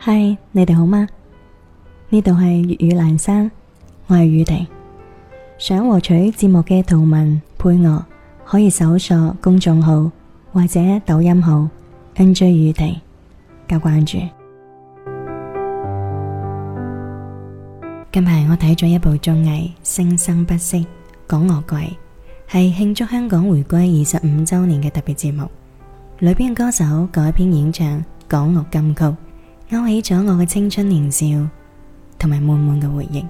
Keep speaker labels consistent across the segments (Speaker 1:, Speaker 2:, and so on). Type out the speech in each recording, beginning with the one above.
Speaker 1: 嗨，你哋好嗎？呢度係粵語闌珊，我係宇婷。想獲取節目嘅圖文配樂，可以搜索公眾號或者抖音號 NJ 宇婷加關注。近排我睇咗一部綜藝《聲生不息》，港樂季係慶祝香港回歸二十五周年嘅特別節目，裏邊嘅歌手改編演唱港樂金曲。勾起咗我嘅青春年少，同埋滿滿嘅回憶。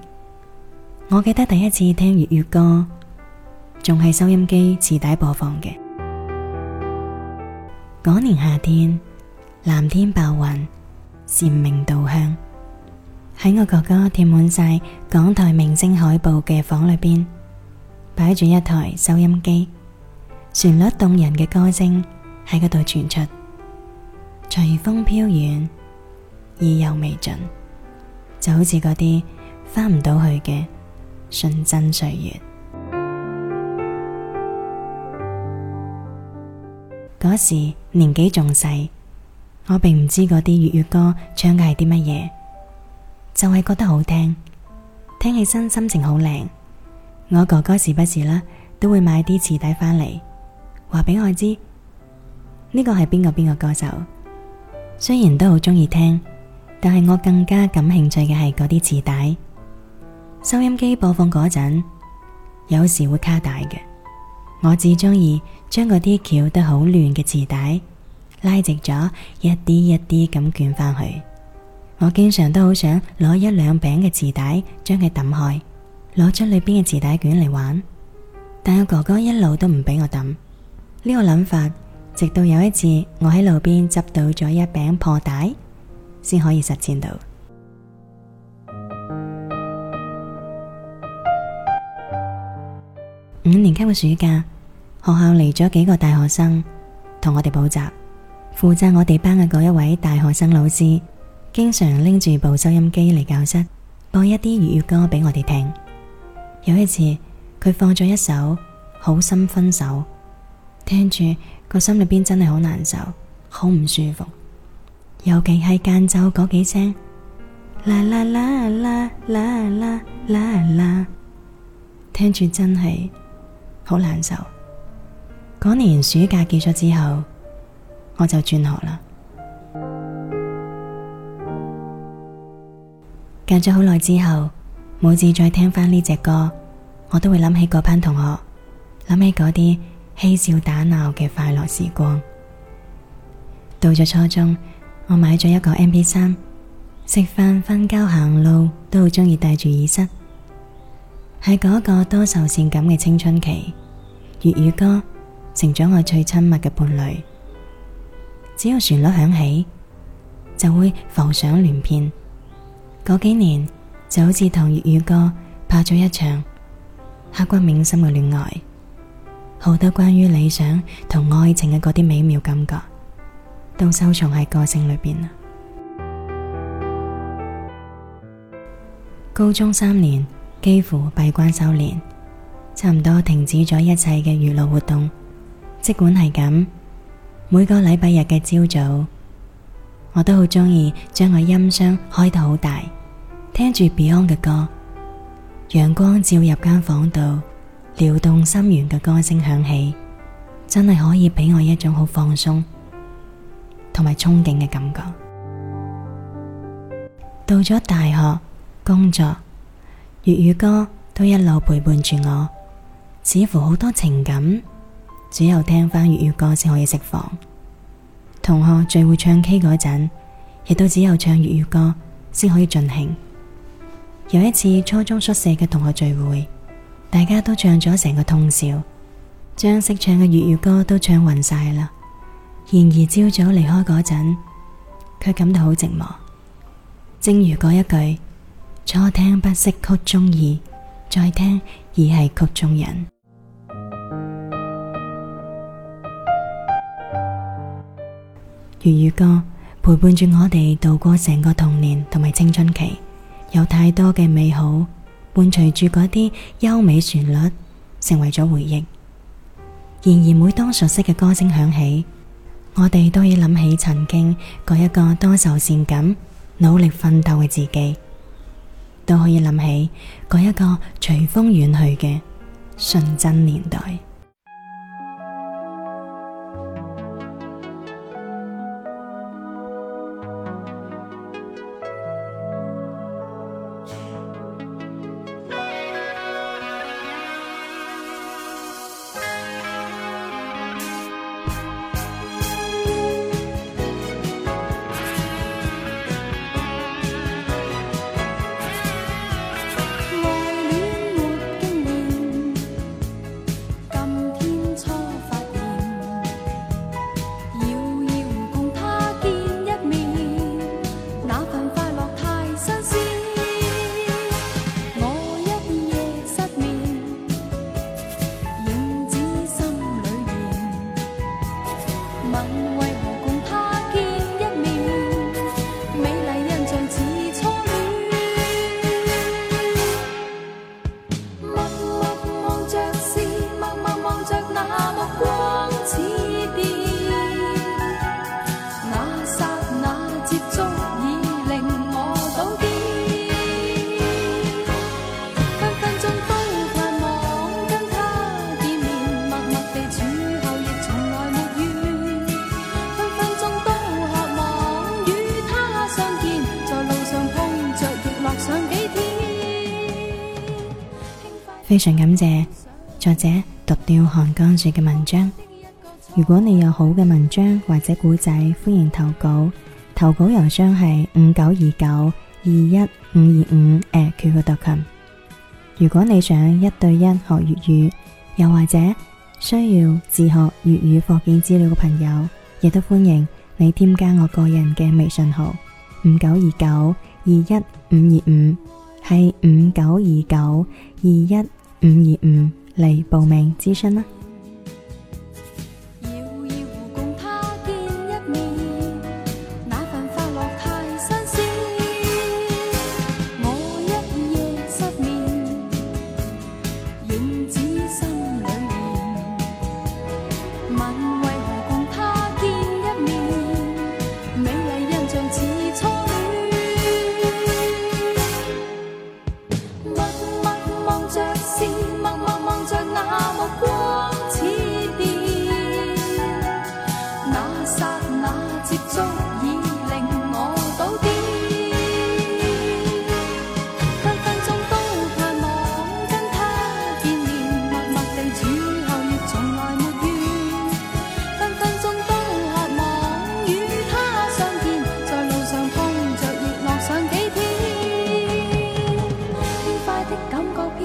Speaker 1: 我記得第一次聽粵語歌，仲係收音機磁帶播放嘅。嗰年夏天，藍天白雲，蟬鳴稻香，喺我哥哥貼滿晒港台明星海報嘅房裏邊，擺住一台收音機，旋律動人嘅歌聲喺嗰度傳出，隨風飄遠。意猶未盡，就好似嗰啲翻唔到去嘅純真歲月。嗰 時年紀仲細，我並唔知嗰啲粵語歌唱嘅係啲乜嘢，就係、是、覺得好聽，聽起身心情好靚。我哥哥時不時啦都會買啲磁帶翻嚟，話俾我知呢、這個係邊個邊個歌手，雖然都好中意聽。但係我更加感興趣嘅係嗰啲磁帶，收音機播放嗰陣，有時會卡帶嘅。我最中意將嗰啲翹得好亂嘅磁帶拉直咗，一啲一啲咁捲翻去。我經常都好想攞一兩餅嘅磁帶將佢抌開，攞出裏邊嘅磁帶卷嚟玩。但係哥哥一路都唔俾我抌呢、呢個諗法，直到有一次我一，我喺路邊執到咗一餅破帶。先可以實踐到。五年級嘅暑假，學校嚟咗幾個大學生同我哋補習。負責我哋班嘅嗰一位大學生老師，經常拎住部收音機嚟教室播一啲粵語歌俾我哋聽。有一次，佢放咗一首《好心分手》，聽住個心裏邊真係好難受，好唔舒服。尤其係間奏嗰幾聲，啦啦啦啦啦啦啦啦，聽住真係好難受。嗰年暑假結束之後，我就轉學啦。隔咗好耐之後，每次再聽翻呢隻歌，我都會諗起嗰班同學，諗起嗰啲嬉笑打鬧嘅快樂時光。到咗初中。我買咗一個 M P 三，食飯、瞓覺、行路都好中意帶住耳塞。喺嗰個多愁善感嘅青春期，粵語歌成咗我最親密嘅伴侶。只要旋律響起，就會浮想聯翩。嗰幾年就好似同粵語歌拍咗一場刻骨銘心嘅戀愛，好多關於理想同愛情嘅嗰啲美妙感覺，都收藏喺歌聲裏邊啦。高中三年，幾乎閉關修煉，差唔多停止咗一切嘅娛樂活動。儘管係咁，每個禮拜日嘅朝早，我都好中意將個音箱開到好大，聽住 Beyond 嘅歌。陽光照入間房度，撩動心弦嘅歌聲響起，真係可以俾我一種好放鬆，同埋憧憬嘅感覺，到咗大學工作，粵語歌都一路陪伴住我。似乎好多情感，只有聽翻粵語歌先可以釋放。同學聚會唱 K 嗰陣，亦都只有唱粵語歌先可以盡興。有一次初中宿舍嘅同學聚會，大家都唱咗成個通宵，將識唱嘅粵語歌都唱勻晒啦。然而朝早離開嗰陣，佢感到好寂寞。正如嗰一句：初聽不識曲中意，再聽已係曲中人。粵語歌陪伴住我哋度過成個童年同埋青春期，有太多嘅美好伴隨住嗰啲優美旋律，成為咗回憶。然而每當熟悉嘅歌聲響起，我哋都可以諗起曾經嗰一個多愁善感、努力奮鬥嘅自己，都可以諗起嗰一個隨風遠去嘅純真年代。非常感謝作者獨釣寒江雪嘅文章。如果你有好嘅文章或者古仔，歡迎投稿。投稿郵箱係五九二九二一五二五 @QQ 點 com。Um. 如果你想一對一學粵語，又或者需要自學粵語課件資料嘅朋友，亦都歡迎你添加我個人嘅微信號五九二九二一五二五，係五九二九二一。五二五嚟報名諮詢啦！